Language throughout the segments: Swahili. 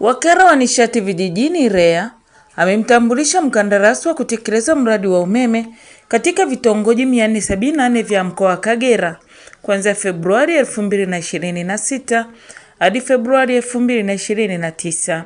Wakala wa Nishati Vijijini REA amemtambulisha mkandarasi wa kutekeleza mradi wa umeme katika vitongoji 474 vya mkoa wa Kagera kuanzia Februari 2026 hadi Februari 2029.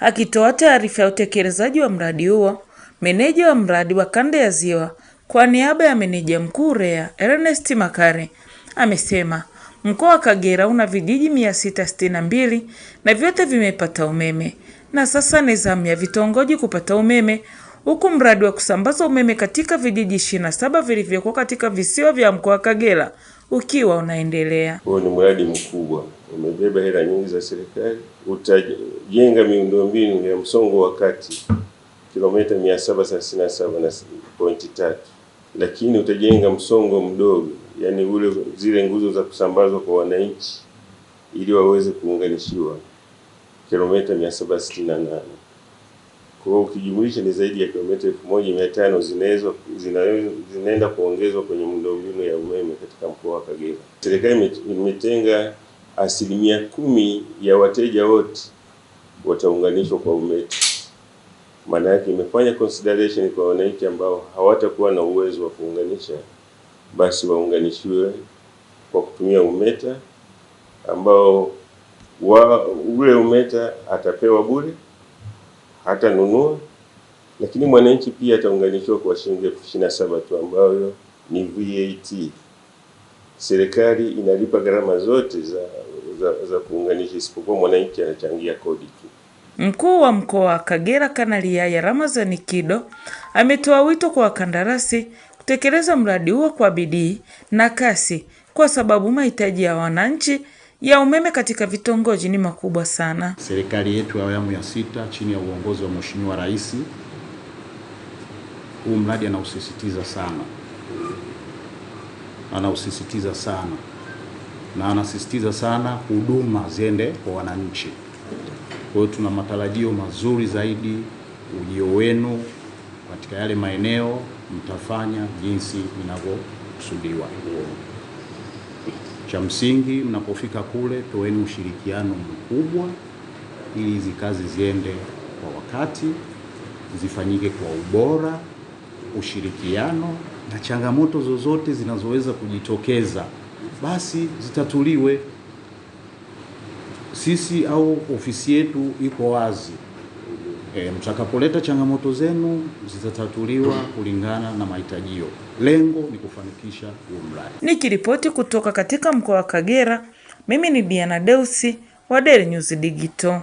Akitoa taarifa ya utekelezaji wa mradi huo, meneja wa mradi wa Kanda ya Ziwa kwa niaba ya meneja mkuu REA Ernest Makare amesema Mkoa wa Kagera una vijiji 662 na vyote vimepata umeme na sasa ni zamu ya vitongoji kupata umeme huku mradi wa kusambaza umeme katika vijiji 27 vilivyokuwa katika visiwa vya mkoa wa Kagera ukiwa unaendelea. Huo ni mradi mkubwa, umebeba hela nyingi za serikali, utajenga miundombinu ya msongo wa kati kilomita 737.3, lakini utajenga msongo mdogo yani ule zile nguzo za kusambazwa kwa wananchi ili waweze kuunganishiwa kilomita mia Kwa ukijumlisha ni zaidi ya kilomita 1500 zinaweza zinaenda kuongezwa kwenye miundombinu ya umeme katika mkoa wa Kagera. Serikali imetenga asilimia kumi ya wateja wote wataunganishwa kwa umeme. Maana yake imefanya consideration kwa wananchi ambao hawatakuwa na uwezo wa kuunganisha basi waunganishiwe kwa kutumia umeta ambao wa, ule umeta atapewa bure, hatanunua, lakini mwananchi pia ataunganishiwa kwa shilingi elfu ishirini na saba tu ambayo ni VAT. Serikali inalipa gharama zote za, za, za kuunganisha isipokuwa mwananchi anachangia kodi tu. Mkuu wa mkoa wa Kagera Kanali Yahya ramazani Kido ametoa wito kwa wakandarasi Tekeleza mradi huo kwa bidii na kasi kwa sababu mahitaji ya wananchi ya umeme katika vitongoji ni makubwa sana. Serikali yetu ya awamu ya sita chini ya uongozi wa Mheshimiwa Rais, huu mradi anausisitiza sana, anausisitiza sana na anasisitiza sana huduma ziende kwa wananchi. Kwa hiyo tuna matarajio mazuri zaidi ujio wenu katika yale maeneo mtafanya jinsi inavyokusudiwa. Cha msingi, mnapofika kule, toeni ushirikiano mkubwa ili hizi kazi ziende kwa wakati, zifanyike kwa ubora, ushirikiano na changamoto zozote zinazoweza kujitokeza basi zitatuliwe. Sisi au ofisi yetu iko wazi. E, mtakapoleta changamoto zenu zitatatuliwa kulingana na mahitajio. Lengo ni kufanikisha huo mradi. Nikiripoti kutoka katika mkoa wa Kagera, mimi ni Diana Deusi wa Daily News Digital.